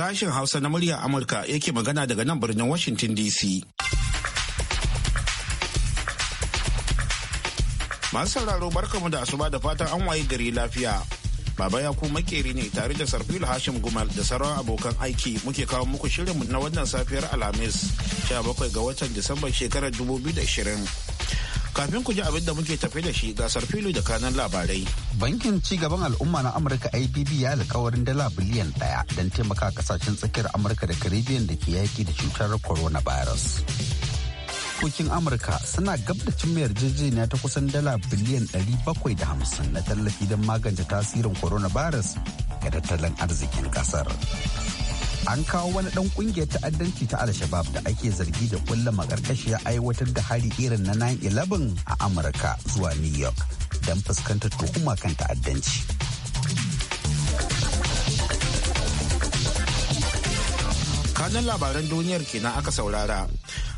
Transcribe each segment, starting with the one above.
Sashen Hausa na muryar Amurka yake magana daga nan birnin Washington DC. Masu sauraro barkamu da asuba da fatan an waye gari lafiya. Baba ya ku makeri ne tare da Sarfilu Hashim Gumal da sauran abokan aiki muke kawo muku shirin na wannan safiyar Alhamis 17 ga watan disamba shekarar 2020. Kafin ku ji abin da muke tafi da shi gasar filo da kanan labarai. Bankin ci gaban al'umma na Amurka IBB ya alkawarin dala biliyan ɗaya don taimaka kasashen tsakiyar Amurka da Caribbean da ke yaki da cutar coronavirus. Kokin Amurka suna gab da cimma yarjejeniya ta kusan dala biliyan ɗari bakwai da hamsin na tallafi don magance tasirin coronavirus ga tattalin arzikin kasar. an kawo wani dan kungiyar ta'addanci ta alshabab da ake zargi da kulla makarkashi ya aiwatar da hari irin na 9-11 a amurka zuwa new york don fuskantar tuhuma kan ta'addanci kanan labaran duniyar kenan aka saurara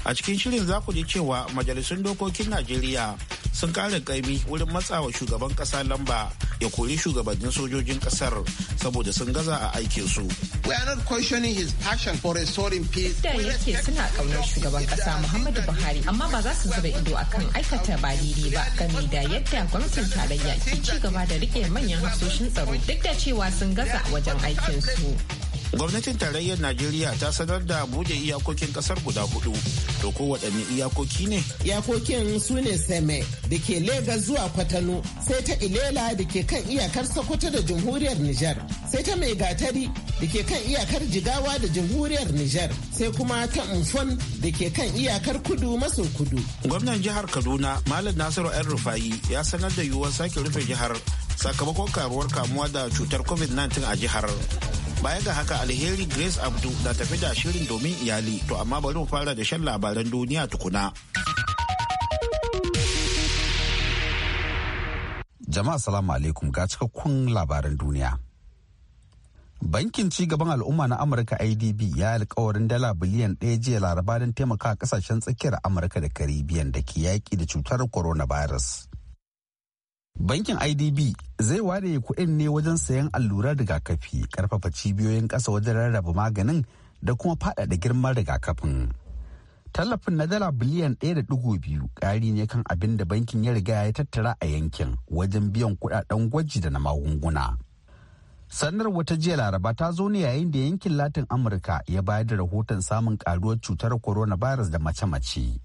a cikin shirin za ku ji cewa majalisun dokokin najeriya sun kare kaimi wurin matsawa shugaban kasa lamba ya kori shugabannin sojojin kasar saboda sun gaza a aikinsu. We are not questioning his passion for restoring peace. Da yake suna kaunar shugaban kasa Muhammadu Buhari amma ba za su zuba ido akan aikata ba daidai ba gani da yadda gwamnatin tarayya ke ci gaba da rike manyan hasoshin tsaro duk da cewa sun gaza wajen aikin su gwamnatin tarayyar najeriya ta sanar da buɗe iyakokin ƙasar guda hudu to ko waɗanne iyakoki ne iyakokin su ne seme da ke legas zuwa kwatano sai ta ilela da ke kan iyakar sokoto da jamhuriyar nijar sai ta mai gatari da ke kan iyakar jigawa da jamhuriyar nijar sai kuma ta umfon da ke kan iyakar kudu maso kudu gwamnan jihar kaduna malam nasiru yan rufayi ya sanar da yiwuwar sake rufe jihar sakamakon karuwar kamuwa da cutar covid-19 a jihar Baya ga haka alheri Grace Abdu na tafi da shirin domin iyali to amma bari mu fara da shan labaran duniya tukuna. Jama'a salamu alaikum ga cikakkun labaran duniya. Bankin ci gaban al'umma na Amurka IDB ya yi alkawarin dala biliyan ɗaya jiya laraba don taimaka kasashen tsakiyar Amurka da karibiyan da ke yaƙi da cutar coronavirus. Bankin IDB zai ware kuɗin ne wajen sayan allurar rigakafi, karfafa cibiyoyin ƙasa wajen rarraba maganin da kuma faɗaɗa girman rigakafin. Tallafin na dala biliyan ɗaya da biyu. ƙari ne kan abin da bankin ya riga ya tattara a yankin wajen biyan kuɗaɗen gwaji da na magunguna. Sannar wata jiya laraba ta zo ne yayin da yankin Latin Amurka ya bayar da rahoton samun ƙaruwar cutar coronavirus da mace-mace.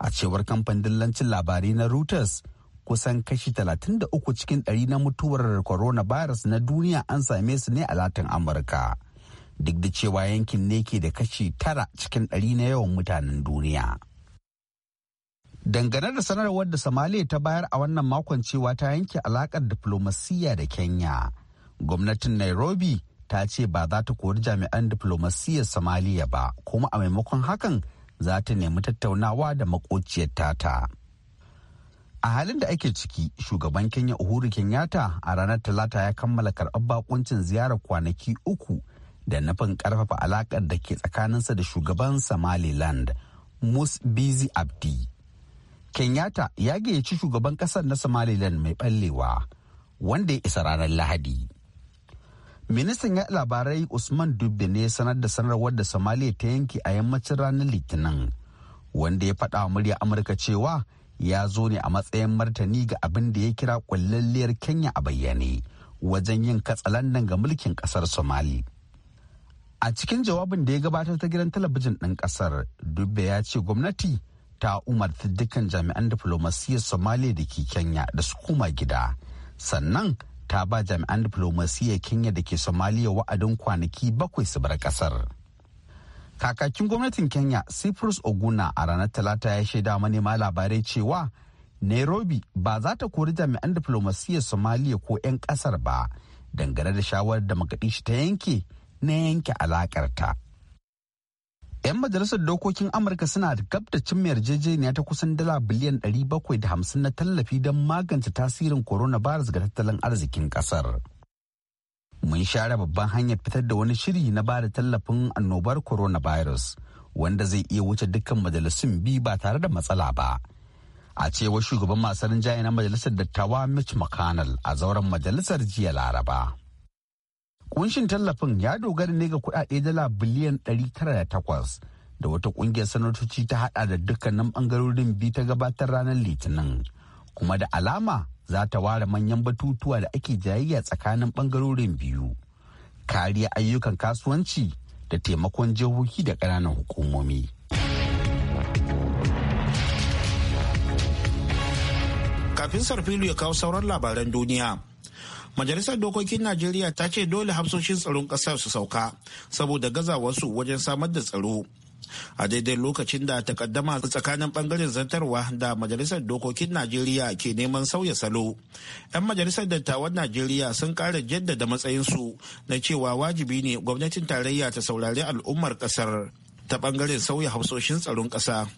A cewar kamfanin dillancin labarai na Reuters, kusan kashi 33 cikin ɗari na mutuwar coronavirus na duniya an same su ne a latin amurka duk da cewa yankin ne ke da kashi tara cikin ɗari na yawan mutanen duniya dangane da sanarwar da somalia ta bayar a wannan makon cewa ta yanke alakar diplomasiya da kenya gwamnatin nairobi ta ce ba za ta kori jami'an diflomasiyyar somalia ba kuma a maimakon hakan za ta nemi tattaunawa da makociyar tata. a halin da ake ciki shugaban kenya uhuru kenyatta a ranar talata ya kammala karɓar bakuncin ziyarar kwanaki uku da nufin ƙarfafa alaƙar da ke tsakaninsa da shugaban somaliland Mus bizi abdi kenyatta ya gayyaci shugaban Ƙasar na somaliland mai ɓallewa wanda ya isa ranar lahadi ministan ya labarai usman dubbe ne sanar da sanarwar da somaliya ta yanke a yammacin ranar litinin wanda ya faɗa wa murya amurka cewa ya zo ne a matsayin martani ga abin da ya kira kullalliyar kenya a bayyane wajen yin katsalandan ga mulkin kasar somali a cikin jawabin da ya gabatar ta gidan talabijin ɗin ƙasar dubbe ya ce gwamnati ta umarta dukkan jami'an diflomasiyyar somaliya da ke kenya da su koma gida sannan ta ba jami'an diflomasiyyar kenya da ke somaliya wa'adin kwanaki bakwai su bar ƙasar. kakakin gwamnatin kenya cyprus oguna a ranar talata ya shaida manema labarai cewa nairobi ba za ta kori jami'an diflomasiyyar somaliya ko 'yan kasar ba dangane da shawarar da shi ta yanke na yanke alakarta 'yan majalisar dokokin amurka suna gab da cimma yarjejeniya ta kusan dala biliyan 750 na tallafi don magance tasirin coronavirus ga tattalin arzikin kasar. mun share babban hanyar fitar da wani shiri na ba da tallafin annobar coronavirus wanda zai iya wuce dukkan majalisun bi ba tare da matsala ba a cewa shugaban masu rinjaye na majalisar dattawa mitch mcconnell a zauren majalisar jiya laraba kunshin tallafin ya dogara ne ga kudade dala biliyan 908 da wata kungiyar sanatoci ta hada da dukkanin bangarorin bi ta gabatar ranar litinin kuma da alama za ta ware manyan batutuwa da ake jayayya tsakanin bangarorin biyu kariya ayyukan kasuwanci da taimakon jihohi da ƙananan hukumomi. kafin sarfilu ya kawo sauran labaran duniya majalisar dokokin najeriya ta ce dole hafsoshin tsaron ƙasar su sauka saboda gazawarsu wajen samar da tsaro a daidai lokacin da takaddama tsakanin bangaren zantarwa da majalisar dokokin najeriya ke neman sauya salo yan majalisar dattawan najeriya sun kara jaddada matsayinsu na cewa wajibi ne gwamnatin tarayya ta saurari al'ummar kasar ta bangaren sauya hausoshin tsaron kasa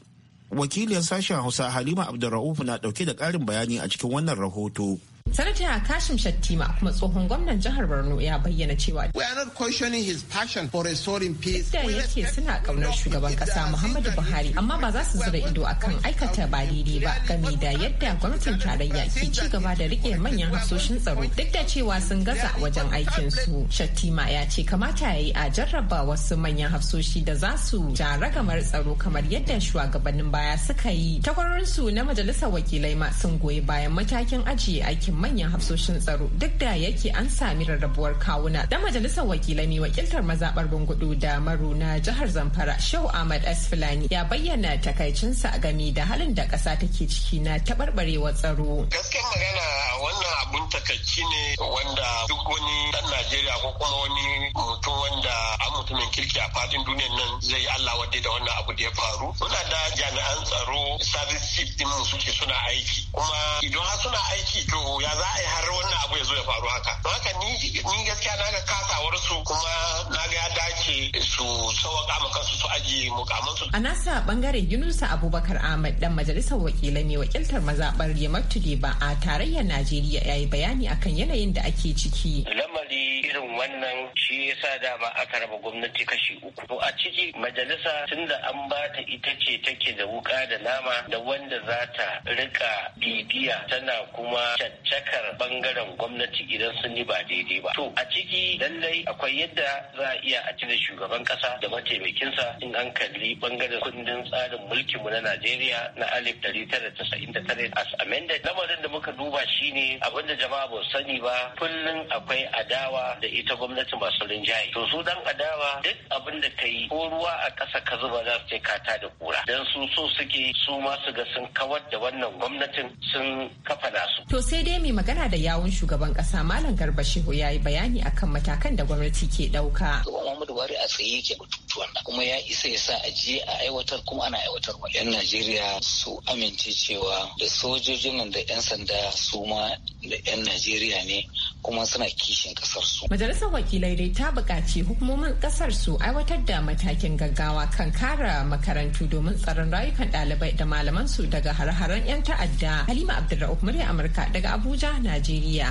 wakilin sashen hausa halima abdulra'uf na dauke da karin bayani a cikin wannan rahoto Sanata Kashim Shattima kuma tsohon gwamnan jihar Borno ya bayyana cewa We are not questioning his passion for restoring peace. Da yake suna kaunar shugaban kasa Muhammadu Buhari amma ba za su zura ido akan aikata ba daidai ba game da yadda gwamnatin tarayya ke ci gaba da rike manyan hasoshin tsaro duk da cewa sun gaza wajen aikin su. Shattima ya ce kamata ya yi a jarraba wasu manyan hafsoshi da za su ja ragamar tsaro kamar yadda shugabannin baya suka yi. Takwarorinsu na majalisar wakilai ma sun goyi bayan matakin ajiye aikin manyan hafsoshin tsaro duk da yake an sami rarrabuwar kawuna da majalisar wakilai mai wakiltar mazabar bungudu da maru na jihar zamfara shehu ahmad fulani ya bayyana takaicinsa a game da halin da kasa take ciki na taɓarɓarewar tsaro gaskiyar magana wannan abun takaici ne wanda duk wani dan najeriya ko kuma wani mutum wanda an mutumin kirki a fadin duniyan nan zai yi allah wadda da wannan abu da ya faru Suna da jami'an tsaro service chief din suke suna aiki kuma idan har suna aiki to ya za a yi har wannan abu ya zo ya faru haka don haka ni gaskiya na ga kasawar su kuma na ga ya dace su sawaka ma kansu su ajiye mukaman su a nasa bangare ginusa Abubakar Ahmad dan majalisar wakilai mai wakiltar mazabar Yamaktu ba a tarayyar Najeriya ya yi bayani akan yanayin da ake ciki lamari irin wannan shi yasa dama aka raba gwamnati kashi uku to a ciki majalisa tun da an ba ta ita ce take da wuka da nama da wanda za ta rika bibiya tana kuma caccakar bangaren gwamnati idan sun yi ba daidai ba to a ciki lallai akwai yadda za a iya a cire shugaban kasa da mataimakinsa in an kalli bangaren kundin tsarin mulkin mu na Najeriya na alif ɗari tara casa'in da tare as amended lamarin da muka duba shine abinda jama'a ba sani ba kullum akwai adawa da ita gwamnati masu rinjaye to su dan adawa duk abin da ka yi ko ruwa a ƙasa ka zuba za su ce kata da kura dan su so suke su ma su ga sun kawar da wannan gwamnatin sun kafa nasu. To sai dai mai magana da yawun shugaban ƙasa Malam Garba Shehu ya yi bayani akan matakan da gwamnati ke ɗauka. Muhammadu Buhari a tsaye yake batutuwan kuma ya isa ya sa a je a aiwatar kuma ana aiwatarwa. 'Yan Najeriya su amince cewa da sojojin nan da 'yan sanda su ma da 'yan Najeriya ne kuma suna kishin ƙasar su. Majalisar wakilai dai ta buƙaci hukumomin ƙasar su aiwatar da matakin gaggawa kan kara makarantu domin tsaron rayukan ɗalibai da malaman su daga har-haren 'yan ta'adda. Halima Abdulra'uf murya Amurka daga Abuja, Najeriya.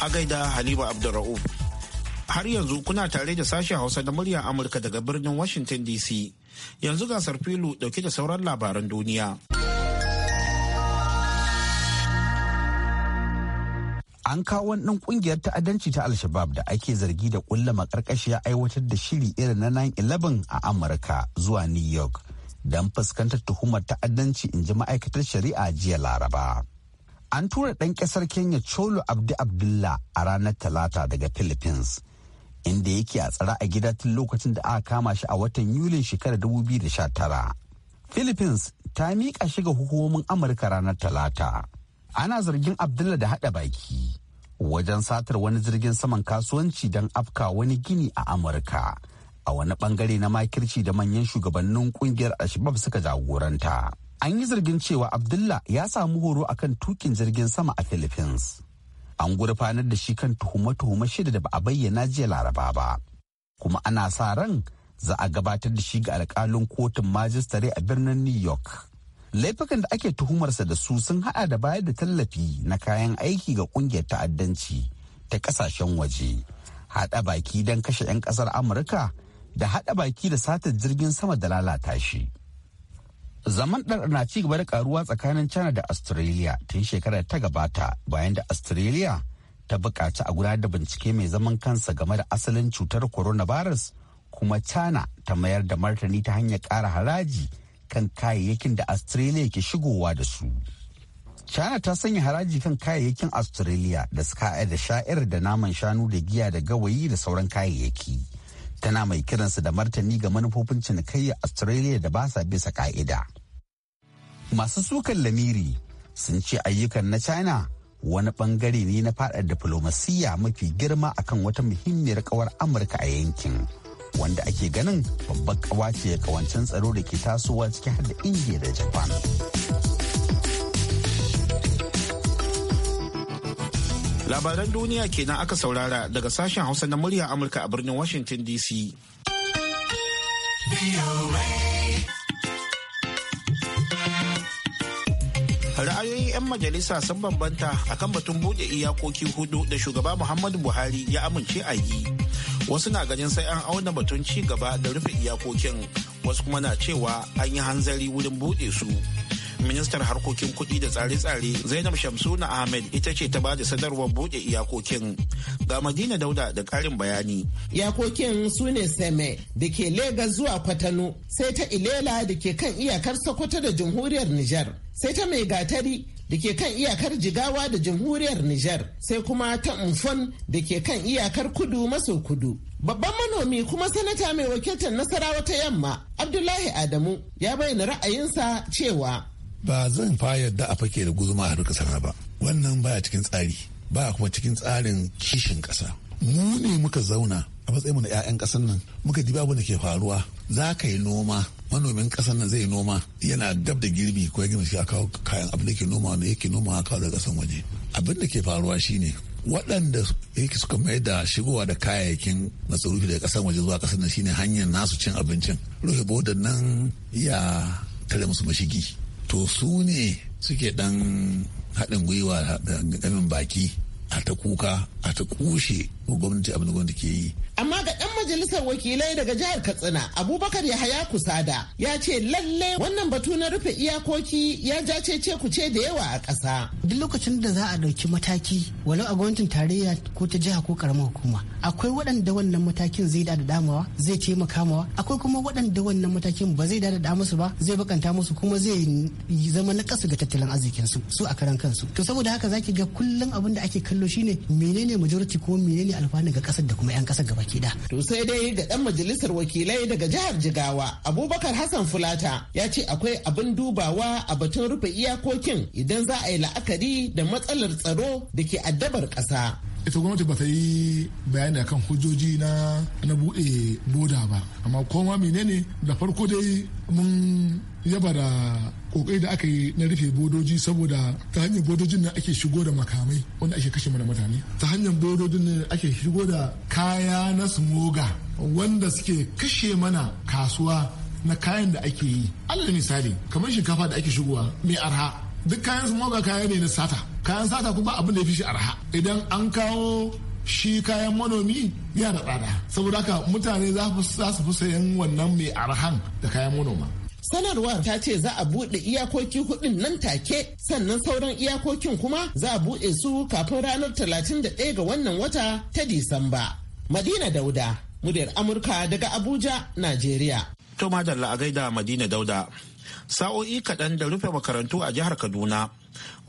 A gaida Halima Abdulra'uf. Har yanzu kuna tare da sashen Hausa da murya Amurka daga birnin Washington DC. Yanzu gasar filu dauke da sauran labaran duniya. an kawo wani ɗan ƙungiyar ta'addanci ta al shabaab da ake zargi da ƙulla makarƙashiya aiwatar da shiri irin na 9-11 a amurka zuwa new york don fuskantar tuhumar ta'addanci in ji ma'aikatar shari'a jiya laraba an tura ɗan ƙasar kenya cholo abdi abdullah a ranar talata daga philippines inda yake a tsara a gida tun lokacin da aka kama shi a watan yulin shekarar tara. philippines ta miƙa shiga hukumomin amurka ranar talata ana zargin abdullah da haɗa baki wajen satar wani jirgin saman kasuwanci don afka wani gini a amurka a wani bangare na makirci da manyan shugabannin kungiyar alshabab suka jagoranta an yi zargin cewa abdullah ya samu horo a kan tukin jirgin sama a philippines an gurfanar da shi kan tuhuma-tuhuma shida da ba a bayyana jiya laraba ba kuma ana sa ran za a gabatar da shi ga alkalin kotun majistare a birnin new york laifukan da ake tuhumarsa da su sun hada da bayar da tallafi na kayan aiki ga kungiyar ta'addanci ta kasashen waje hada baki don kashe 'yan kasar amurka da hada baki da satar jirgin sama da lalata shi zaman ɗar na ci gaba da karuwa tsakanin china da australia tun shekarar ta gabata bayan da australia ta buƙaci a gudanar da bincike mai zaman kansa game da asalin cutar coronavirus kuma china ta mayar da martani ta hanyar ƙara haraji kan kayayyakin da Australia ke shigowa da su. China ta sanya haraji kan kayayyakin Australia da suka da sha'ir da naman shanu da giya da gawayi da sauran kayayyaki. Tana mai kiransu da martani ga manufofin cinikayya Australia da ba sa bisa ka'ida. Masu sukan lamiri sun ce ayyukan na China wani bangare ne na fadar diflomasiyya mafi girma akan wata muhimmiyar kawar Amurka a yankin. wanda ake ganin babbar kawace kawancin tsaro da ke tasowa ciki har da indiya da japan labaran duniya kenan aka saurara daga sashen hausa na murya amurka a birnin washington dc ra'ayoyin 'yan majalisa sun bambanta akan batun bude iyakoki hudu da shugaba muhammadu buhari ya amince a yi wasu na ganin sai an auna batun ci gaba da rufe iyakokin wasu kuma na cewa an yi hanzari wurin buɗe su ministar harkokin kuɗi da tsare-tsare zainab shamsuna ahmed ita ce ta bada sadarwar buɗe iyakokin ga madina dauda da ƙarin bayani iyakokin su ne seme da ke legas zuwa kwatano sai ta ilela da ke kan iyakar sokoto da jamhuriyar nijar sai ta mai gatari da ke kan iyakar jigawa da jamhuriyar Nijar sai kuma ta Mfon da ke kan iyakar kudu maso kudu. Babban manomi kuma sanata mai wakiltar Nasarawa ta yamma Abdullahi Adamu ya bayyana ra'ayinsa cewa ba zan fayar da a ke da guzuma a kasar ba wannan baya cikin tsari ba kuma cikin tsarin kishin ƙasa. mu ne muka zauna a matsayin mu na 'ya'yan kasan nan muka ji babu da ke faruwa za ka yi noma manomin ƙasar nan zai noma yana dab da girbi ko ya gina shi a kawo kayan abin da ke noma ne yake noma a kawo daga kasan waje abin da ke faruwa shine waɗanda yake suka mai da shigowa da kayayyakin masarufi daga kasan waje zuwa ƙasar nan shine hanyar nasu cin abincin rufe bodan nan ya tare musu mashigi to su ne suke dan haɗin gwiwa da gamin baki a ta kuka a ta kushe wa gwamnati abin da gwamnati ke yi. Amma ga majalisar wakilai daga jihar Katsina Abubakar Yahaya Kusada ya ce lalle wannan batu na rufe iyakoki ya ja cece kuce da yawa a ƙasa. Duk lokacin da za a ɗauki mataki walau a gwamnatin tarayya ko ta jiha ko karamar hukuma akwai waɗanda wannan matakin zai da damawa zai taimaka mawa akwai kuma waɗanda wannan matakin ba zai da da musu ba zai bakanta musu kuma zai zama na ƙasa ga tattalin arzikin su su a karan kansu to saboda haka zaki ga kullum abin da ake kallo shine menene majority ko menene alfani ga ƙasar da kuma yan ƙasar gaba ke da sai dai da ɗan majalisar wakilai daga jihar jigawa abubakar hassan fulata ya ce akwai abin dubawa a batun rufe iyakokin idan za a yi la'akari da matsalar tsaro da ke addabar ƙasa. ita gwamnati ba ta yi bayani akan hujjoji na na buɗe boda ba amma koma menene da farko dai mun yaba da kokari da aka yi na rufe bodoji saboda ta hanyar bodojin nan ake shigo da makamai wanda ake kashe mana mutane ta hanyar bodojin nan ake shigo da kaya na smoga wanda suke kashe mana kasuwa na kayan da ake yi alal misali kamar shinkafa da ake shigowa mai arha duk kayan smoga kaya ne na sata kayan sata kuma abin da ya fi shi arha idan an kawo shi kayan manomi yana da tsada saboda haka mutane za su fi sayan wannan mai arhan da kayan manoma Sanarwar ta ce za a buɗe iyakoki hudun nan take sannan sauran iyakokin kuma za a buɗe su kafin ranar 31 ga wannan wata ta Disamba. Madina Dauda, muryar Amurka daga Abuja, Najeriya. To madalla a gaida Madina Dauda. sa'o'i kaɗan da rufe makarantu a jihar kaduna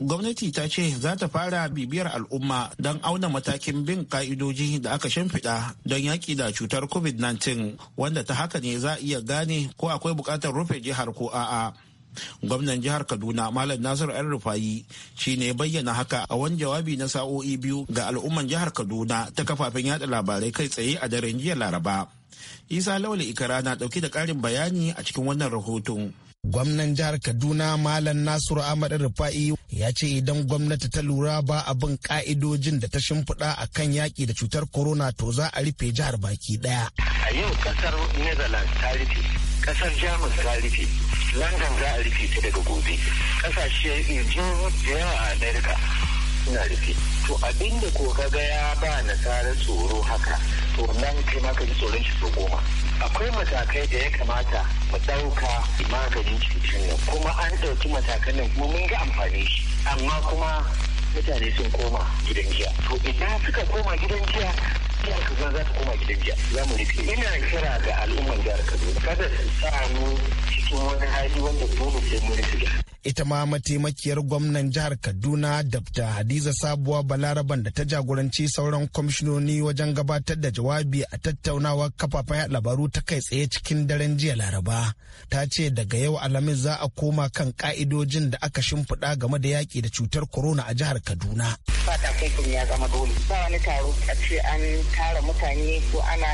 gwamnati ta ce za ta fara bibiyar al'umma don auna matakin bin ka'idoji da aka shimfiɗa don yaƙi da cutar covid-19 wanda ta haka ne za a iya gane ko akwai buƙatar rufe jihar ko a'a gwamnan jihar kaduna malam Nasiru yan rufayi shi ne bayyana haka a wani jawabi na sa'o'i biyu ga al'umman jihar kaduna ta kafafen yada labarai kai tsaye a daren jiya laraba isa laula ikara na dauke da karin bayani a cikin wannan rahoton Gwamnan jihar Kaduna Malam Nasiru Ahmad Rufa'i ya ce idan gwamnati ta lura ba a bin ka'idojin da ta shimfiɗa a kan yaƙi da cutar corona to za a rufe jihar baki ɗaya. A yau ƙasar Netherlands ta rufe, ƙasar Jamus ta rufe, London za a rufe ta daga gobe, ƙasashe da yawa a Amerika suna rufe to abinda ko kaga ya ba nasara tsoro haka to wannan kai ma ka ji tsoron shi so goma akwai matakai da ya kamata mu ɗauka maganin cutar nan kuma an ɗauki matakan nan kuma mun ga amfani shi amma kuma mutane sun koma gidan jiya to idan suka koma gidan jiya jihar Kaduna za ta koma gidan jiya za mu rufe ina kira ga al'ummar jihar Kaduna kada su samu cikin wani hali wanda dole sai mun rufe ita ma mataimakiyar gwamnan jihar kaduna dabta hadiza sabuwa balaraban da ta jagoranci sauran kwamishinoni wajen gabatar da jawabi a tattaunawar kafafen yaɗa labaru ta kai tsaye cikin daren jiya laraba ta ce daga yau alhamis za a koma kan ka'idojin da aka shimfiɗa game da yaƙi da cutar corona a jihar kaduna faɗa ya zama dole a ce an tara mutane ko ana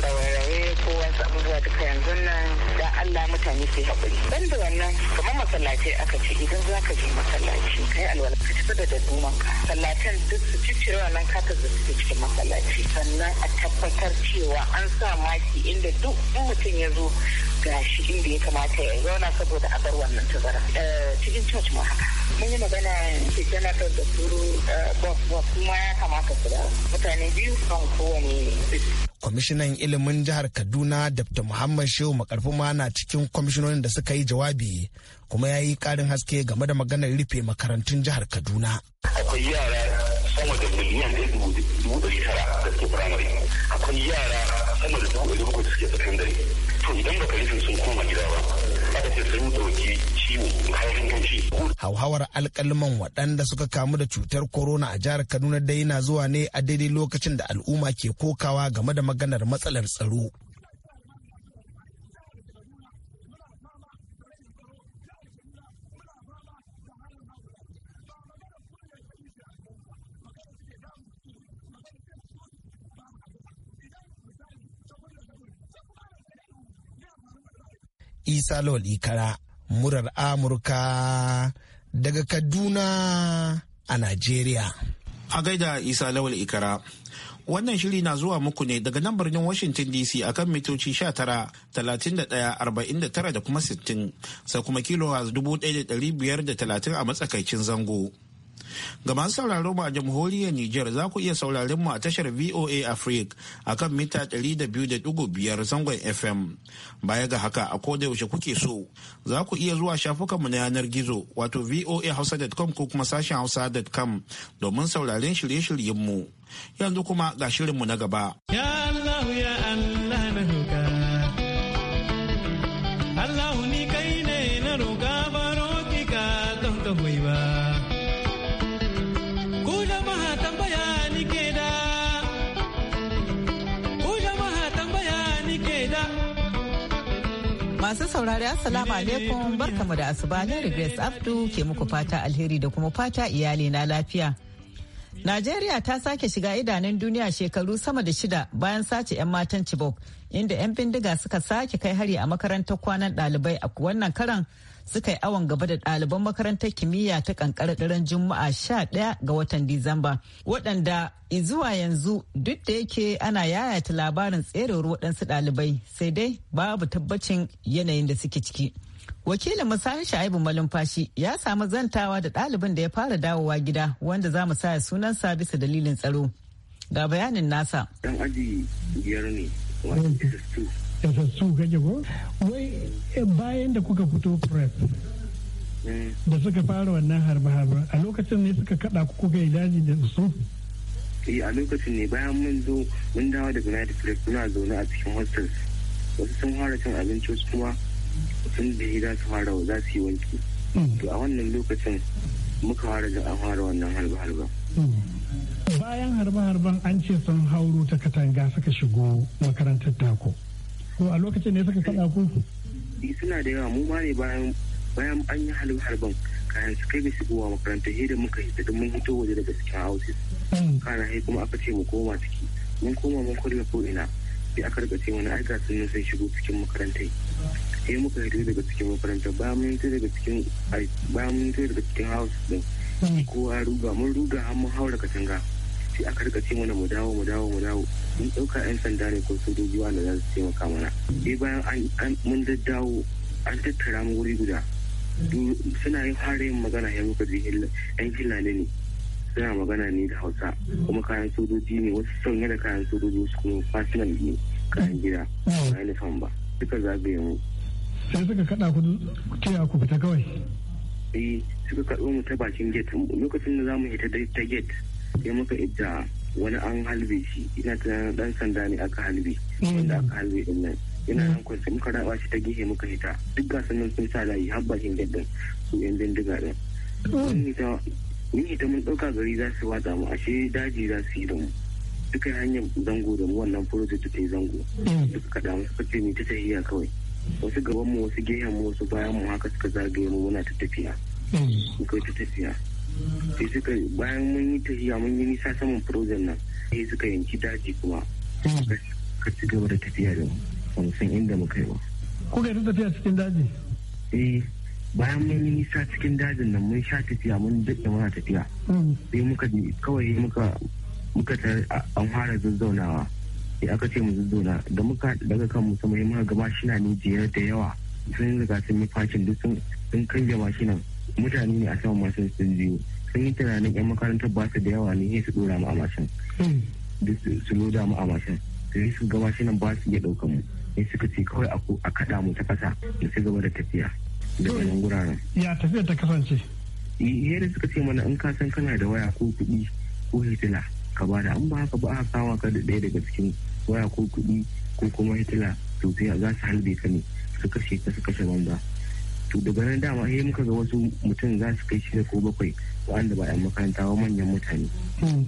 rawaye ko wasu abubuwa duka yanzu nan da allah mutane su haƙuri ban da wannan kamar masallaci aka idan za ka je masallaci kai alwala ka ci da dadduman ka sallatan duk su ciccire wannan katar da suke cikin masallaci sannan a tabbatar cewa an sa maki inda duk mutum ya zo ga shi inda ya kamata ya zauna saboda a bar wannan tazara eh, cikin church ma haka mun yi magana ke janitor da turu eh, Ba kuma ya kamata su da mutane biyu kan kowane kwamishinan ilimin jihar kaduna dr muhammad shehu makarfuma na cikin kwamishinonin da suka yi jawabi kuma ya yi karin haske game da maganar rufe makarantun jihar kaduna akwai yara sama da miliyan ɗaya dubu ɗari tara da suke firamare akwai yara sama da dubu ɗari bakwai da suke sakandare to idan baka rufe sun koma gida ba aka ce sun ciwo kayan hauhawar alkalman waɗanda suka kamu da cutar corona a jihar kaduna dai na zuwa ne a daidai lokacin da al'umma ke kokawa game da maganar matsalar tsaro isa lawal ikara murar amurka daga kaduna a najeriya a gaida isa lawal ikara wannan shiri na zuwa muku ne daga nan birnin washington dc akan mitoci 19 da kuma 60 sai kuma kilo 1530 a matsakaicin zango Ga masu sauraro mu a jamhuriyar Nijar za ku iya sauraron mu a tashar VOA Africa a kan mita 200.5 zangon FM. Baya ga haka a koda yaushe kuke so za ku iya zuwa shafukanmu na yanar gizo wato voahausa.com ko kuma sashen hausa.com domin sauraron shirye-shiryen mu. Yanzu kuma ga shirinmu na gaba. allahu Allah ni kai ne na roƙa baro ki ka don ka Masu saurari Assalamu alaikum barkamu da asuba ne regress Abdu ke muku fata alheri da kuma fata iyali na lafiya. Najeriya ta sake shiga idanun duniya shekaru sama da shida bayan sace 'yan matan Chibok, inda 'yan bindiga suka sake kai hari a makarantar kwanan ɗalibai a wannan karan suka yi awon gaba da ɗaliban makarantar kimiyya ta kankarar daren juma'a 11 ga watan disamba waɗanda zuwa yanzu duk da yake ana yayata labarin tserewar waɗansu ɗalibai sai dai babu tabbacin yanayin da suke ciki. Wakilin musayar Sha'ibu Malumfashi ya samu zantawa da ɗalibin da ya fara dawowa gida wanda za mu saya sunansa bisa dalilin tsaro. Ga bayanin nasa. Dan aji biyar ne, wato SS2. 2 ko? Wai eh, bayan da kuka fito prep. Eh. Da suka fara wannan harba-harba a lokacin ne suka kaɗa ku kuka yi daji da su? Eh a lokacin ne bayan mun zo mun dawo daga United States muna zaune a cikin hostels. Wasu sun fara cin abinci wasu kuma sun da za su fara za su yi wanki hmm. to a wannan lokacin muka fara da an fara wannan harba-harba hmm. bayan harba-harban an ce sun hauro ta katanga suka shigo makarantar tako ko a lokacin ne suka kaɗa ku eh, suna da yawa mu ma ne bayan bayan an yi harba-harban kayan su kai ga shigowa makarantar hidin muka yi da mun hito waje daga cikin houses hmm. kana hai kuma aka ce mu koma ciki mun koma mun kulle ko ina sai aka rika ce wani aika sun sun shigo cikin makarantar sai muka hito daga cikin makaranta ba mun hito daga cikin ba mun hito daga cikin house din hmm. a ruga mun ruga har mun haura katanga sai aka rika ce mana mu dawo mu dawo mu dawo mun ɗauka yan sanda ne ko sojoji wanda za su taimaka mana sai bayan mun daddawo an tattara mu wuri guda suna yin fara yin magana ya muka ji yan filani ne suna magana ne da hausa kuma kayan sojoji ne wasu sanya da kayan sojoji wasu kuma fasinan ne kayan gida hmm. ba uniform ba duka zagaye mu sai suka kada ku cewa ku fita kawai eh suka kaɗo mu ta bakin gate lokacin da zamu hita ta gate sai muka idda wani an halbe shi ina ta dan sanda ne aka halbe mm. wanda aka halbe din nan ina nan kwanci muka raba shi ta gehe muka hita duk gasan nan sun sa layi har bakin gate din su yan bindiga din mun hita mun ɗauka gari za su watsa mu ashe daji za su yi da mu duka hanyar zango da mu wannan project ta yi zango duka mm. kaɗa mu suka ce ni ta tahiya kawai wasu gaban mu wasu gehen mu wasu bayan mu haka suka zagaye mu muna ta tafiya hmm. kai ta tafiya sai suka bayan mun yi tafiya mun yi nisa saman frozen nan sai suka yanki daji kuma hmm. ka ci gaba da tafiya da mu ba san inda mu kai ba kuka yi ta tafiya cikin daji eh bayan mun yi nisa cikin dajin nan mun sha tafiya mun daɗe muna tafiya hmm. sai muka kawai muka muka an fara zazzaunawa sai aka ce mu zuzzauna da muka daga kan mu sama yamma gaba shina ne jiyar da yawa sun riga sun yi fakin duk sun kan mashi nan mutane ne a saman masu sun jiyo sun yi tunanin yan makarantar ba su da yawa ne sai su dora mu a mashin duk su loda mu a mashin sai su gaba shi nan ba su iya ɗaukan mu sai suka ce kawai a kaɗa mu ta ƙasa da su gaba da tafiya daga nan wuraren. ya tafiya ta kasance. iya da suka ce mana in ka san kana da waya ko kuɗi ko hitila ka ba da an ba haka ba a kawo ka da ɗaya daga cikin waya ko kuɗi ko kuma hitila to sai za su halbe ka ne su kashe ka su kashe banza to daga nan dama sai muka ga wasu mutum za su kai shida ko bakwai wanda ba 'yan makaranta ba manyan mutane hmm.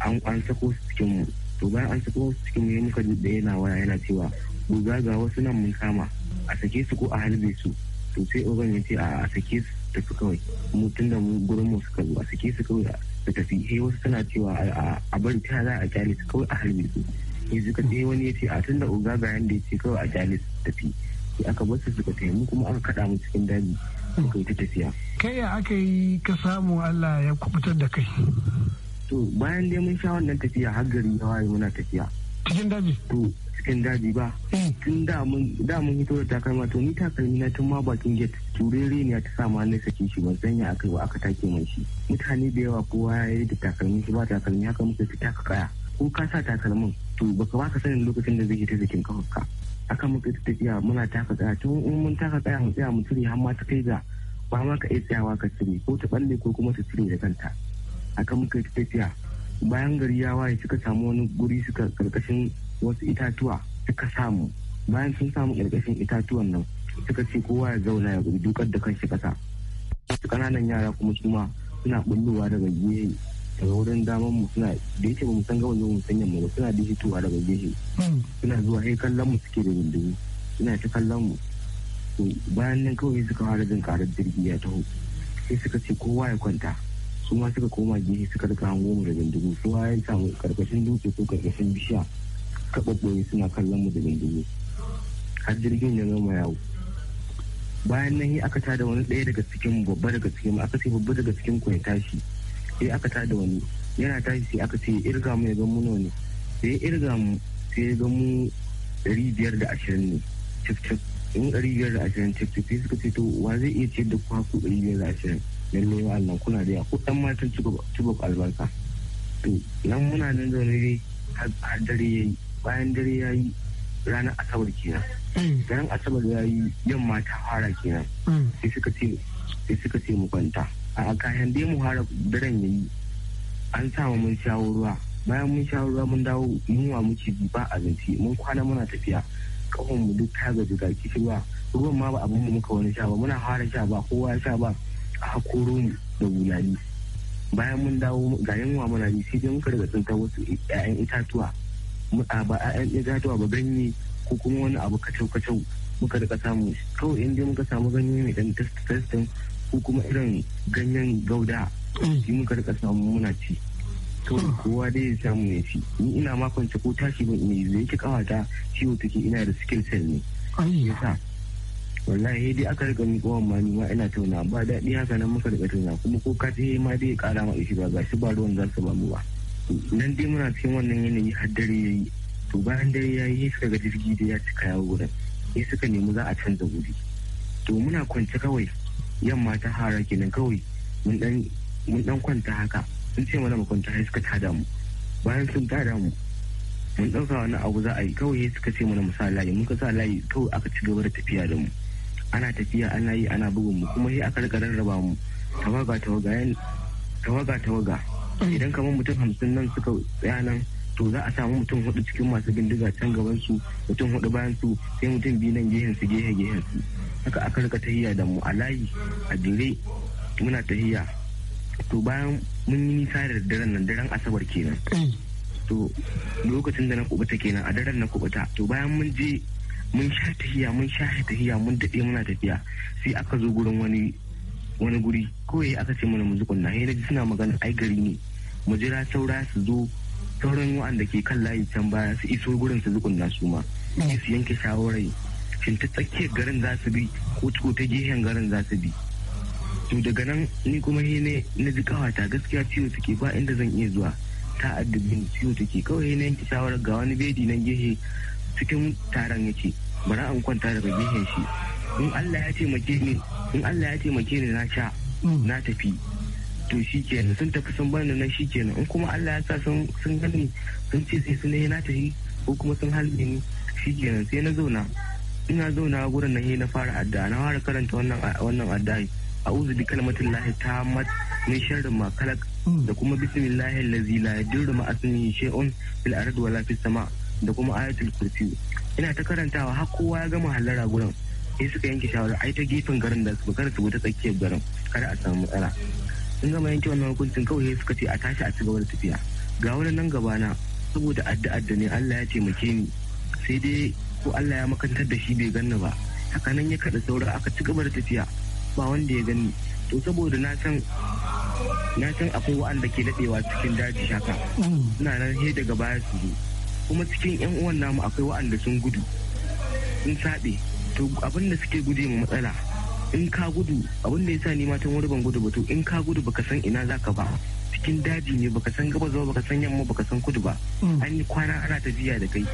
an an sako su cikin mu to bayan an sako su cikin mu muka da yana waya yana cewa ko ga wasu nan mun kama a sake su ko a halbe su to sai ogan ya ce a sake su tafi kawai mu tun da mu gurin mu suka zo a sake su kawai su tafi sai wasu suna cewa a bari ta za a kyale su kawai a halbe su sai suka sai wani ya ce a tun da oga ga yanda ya ce kawai a jalis tafi sai aka basu suka taimu kuma aka kaɗa mu cikin daji suka yi ta tafiya. kai ya aka yi ka samu allah ya kubutar da kai. to bayan dai mun sha wannan tafiya har gari ya waye muna tafiya. cikin daji. to cikin daji ba. Eh. tun da mun hito da takalma to ni takalmi na tun ma bakin gate turere ne ta sa ma na saki shi ban sanya aka ba aka take mai shi. mutane da yawa kowa ya yi da takalmi shi ba takalmi haka muka fita ka kaya ko ka sa takalmin to ba baka sanin lokacin da zai hita jikin kafarka haka muka ta tafiya muna taka tsaya tun in mun taka tsaya mu tsaya mu cire har ma ta kai ga ba ma ka iya tsayawa ka tsiri ko ta balle ko kuma ta tsiri da kanta haka muka ta tafiya bayan gari ya waye suka samu wani guri suka karkashin wasu itatuwa suka samu bayan sun samu karkashin itatuwan nan suka ce kowa ya zauna ya dukar da kanshi kasa kananan yara kuma suma suna bullowa daga gehe daga wurin daman mu suna da yake ba mu san gaban mu san yamma ba suna tuwa daga gefe hmm. suna zuwa sai eh, kallon mu suke da bindigi suna ta kallon mu to bayan nan kawai suka fara jin karar jirgi ya taho sai suka ce kowa ya kwanta su ma suka koma gefe suka rika hango mu da bindigi su ma ya samu karkashin dutse ko karkashin bishiya suka ɓaɓɓoye suna kallon mu da bindigi har jirgin ya gama yawo bayan nan aka tada wani ɗaya daga cikin babba daga cikin aka ce babba daga cikin ku ya tashi sai aka da wani yana tashi sai aka ce irga mu ya ga mu ne sai irga mu sai ya ga mu ɗari biyar da ashirin ne cif cif in ɗari biyar da ashirin cif cif sai suka ce to wa zai iya ciyar da kwaku ku ɗari biyar da ashirin lallai wa kuna da ya ko matan cuba albarka to nan muna nan zaune dai har dare ya yi bayan dare ya yi ranar asabar kenan mm. ranar asabar ya yi yamma ta fara kenan mm. sai suka ce mu kwanta a kayan dai mu hara daren yayi an samu mun shawo ruwa bayan mun shawo ruwa mun dawo yunwa muke ji ba abinci mun kwana muna tafiya kafan mu duk ta gaji ga kishirwa ruwan ma ba abin mu muka wani sha ba muna fara sha ba kowa sha ba a hakoro mu da bulali bayan mun dawo ga yunwa muna ji sai dai muka daga wasu 'ya'yan itatuwa ba ƴaƴan itatuwa ba ganye ko kuma wani abu kacau kacau muka daga samu kawai inda muka samu ganye mai dan testin ko kuma irin ganyen gauda mm. shi muka rika samu muna ci to mm. kowa dai ya samu ne shi ni ina makonce ko tashi ban ne zai ki kawata ciwo take ina da skill cell ne sa. wallahi dai aka rika mi kowan ma ma ina tauna ba daɗi haka nan muka rika tauna kuma ko ka tahe ma dai ƙara ma ishi ba gashi ba ruwan za su ba mu ba nan dai muna cikin wannan yanayi har dare yayi to bayan dare yayi sai suka ga jirgi da ya cika yawo gurin sai suka nemi za a canza guri to muna kwance kawai yamma ta hara kenan kawai mun dan kwanta haka sun ce mana mu kwanta sai suka tada mu bayan sun tada mu mun ɗauka wani abu za a yi kawai suka ce mana mu layi mun ka sa layi kawai aka ci gaba da tafiya da mu ana tafiya ana yi ana bugun mu kuma sai aka rika rarraba mu tawaga tawaga tawaga tawaga mm. idan kamar mutum hamsin nan suka tsaya nan to za a samu mutum hudu cikin masu bindiga can gaban su mutum hudu bayan su sai mutum biyu nan gehen su gehe gehen su haka aka rika tahiya da mu a layi a dire muna tahiya to bayan mun yi nisa da daren nan daren asabar kenan to lokacin da na kubuta kenan a daren na kubuta to bayan mun je mun sha tahiya mun sha tahiya mun daɗe muna tafiya sai aka zo gurin wani wani guri kawai aka ce mana mu zukunna na ji suna magana ai gari ne mu jira saura su zo sauran wa'anda ke kan layi can baya su iso gurin su zukun su ma su yanke shawarai shin ta tsakiyar garin za su bi ko ko ta gehen garin za su bi to daga nan ni kuma he ne na ji kawata gaskiya ciwo take ba inda zan iya zuwa ta addabin ciwo take kawai na yanke shawarar ga wani bedi na gehe cikin taron yake bara an kwanta daga gehen shi in Allah ya taimake ni in Allah ya taimake ni na sha na tafi to shi kenan sun tafi sun bani nan shi kenan in kuma Allah ya sa sun sun gani sun ce sai sun na tafi ko kuma sun halbe ni shi kenan sai na zauna ina zauna gurin nan na fara addu'a na fara karanta wannan wannan addu'a a'udhu bi kalmatin tammat min sharri ma khalaq da kuma bismillahi allazi la yadurru ma asmihi shay'un fil ardi wala fis sama' da kuma ayatul kursi ina ta karantawa har kowa ya gama hallara gurin sai suka yanke shawara ai ta gefen garin da su kada su wuta tsakiyar garin kada a samu matsala sun gama yanke wannan hukuncin kawai suka ce a tashi a ci gaba da tafiya ga wani nan gaba na saboda adda da ne Allah ya taimake ni sai dai ko Allah ya makantar da shi bai ganna ba haka ya kada saura aka ci gaba da tafiya ba wanda ya gani to saboda na san na san akwai wa'anda ke daɗewa cikin daji shaka suna nan he daga baya su kuma cikin yan uwan namu akwai wa'anda sun gudu sun sabe to abin da suke guje ma matsala in ka gudu abin da yasa ni matan wuri ban gudu ba to in ka gudu baka san ina zaka ba cikin daji ne baka san gaba ba baka san yamma baka san kudu ba mm. an yi kwana ana tafiya da kai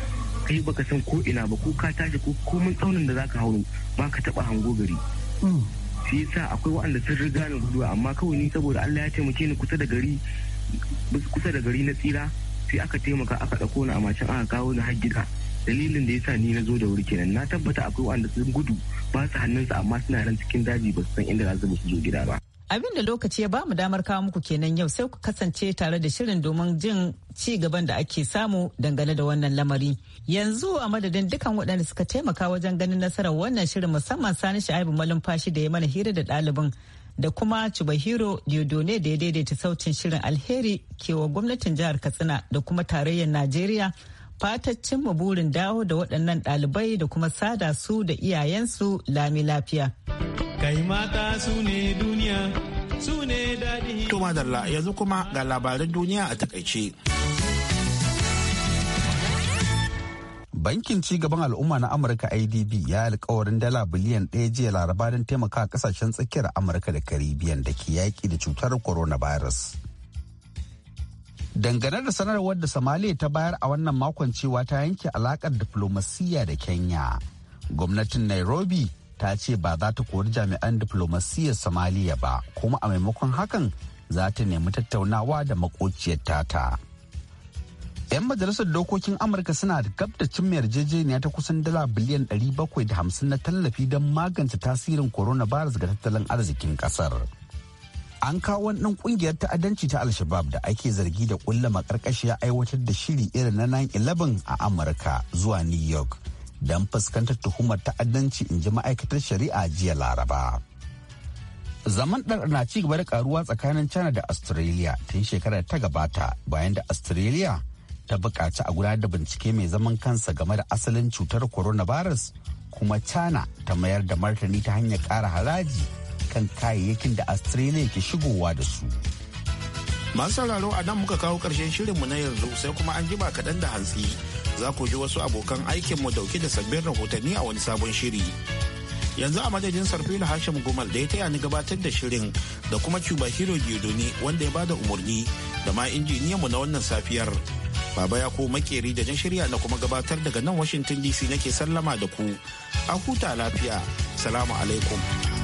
kai baka san ko ina ba ko ka tashi ko komai tsaunin da zaka hauro ba ka taba hango gari mm. shi yasa akwai waɗanda sun riga na gudu amma kawai ni saboda Allah ya taimake ni kusa da gari kusa da gari na tsira sai aka taimaka aka ɗauko ni a macin aka kawo ni har gida dalilin da yasa ni na zo da wuri kenan na tabbata akwai waɗanda sun gudu ba su hannunsa amma suna ran cikin daji ba su san inda za su su zo gida ba. Abin da lokaci ya ba mu damar kawo muku kenan yau sai ku kasance tare da shirin domin jin ci gaban da ake samu dangane da wannan lamari. Yanzu a madadin dukan waɗanda suka taimaka wajen ganin nasarar wannan shirin musamman Sani Sha'ibu Malumfashi da ya mana hira da ɗalibin da kuma Chubahiro Diodone da ya daidaita sautin shirin alheri kewa gwamnatin jihar Katsina da kuma tarayyar Najeriya. fatar mu burin dawo da waɗannan ɗalibai da kuma sada su da iyayensu lami lafiya. Kai mata su ne duniya, su ne daɗi. Tuma dalla yanzu kuma ga labaran duniya a takaice. Bankin ci gaban al'umma na Amurka IDB ya yi alkawarin dala biliyan ɗaya jiya laraba don taimaka kasashen tsakiyar Amurka da Karibiyan da ke yaƙi da cutar coronavirus. dangane da sanarwar da somalia ta bayar a wannan makon cewa ta yanke alakar diplomasiya da kenya gwamnatin nairobi ta ce ba za ta kori jami'an diplomasiyar Somalia ba kuma a maimakon hakan za ta nemi tattaunawa da makociyar tata. 'yan majalisar dokokin amurka suna gab da cimma yarjejeniya ta kusan dala biliyan 750 na tallafi don magance tasirin coronavirus ga tattalin arzikin kasar. an kawo wani ɗan ƙungiyar ta'addanci ta alshabab da ake zargi da ƙulla makarƙashiya aiwatar da shiri irin na 9-11 a amurka zuwa new york don fuskantar tuhumar ta'addanci in ji ma'aikatar shari'a jiya laraba zaman ɗar na ci gaba da karuwa tsakanin china da australia tun shekarar ta gabata bayan da australia ta buƙaci a gudanar da bincike mai zaman kansa game da asalin cutar coronavirus kuma china ta mayar da martani ta hanyar ƙara haraji kan kayayyakin da Australia ke shigowa da su. Masu sauraro a nan muka kawo ƙarshen shirinmu na yanzu sai kuma an ji jima kaɗan da hantsi za ku ji wasu abokan aikinmu dauke da sabbin rahotanni a wani sabon shiri. Yanzu a madadin Sarfila Hashim Gumal da ya taya ni gabatar da shirin da kuma Cuba Hiro Gidoni wanda ya bada umarni da ma injiniyanmu na wannan safiyar. Baba ya ko makeri da na shirya na kuma gabatar daga nan Washington DC nake sallama da ku. A huta lafiya. Salamu alaikum.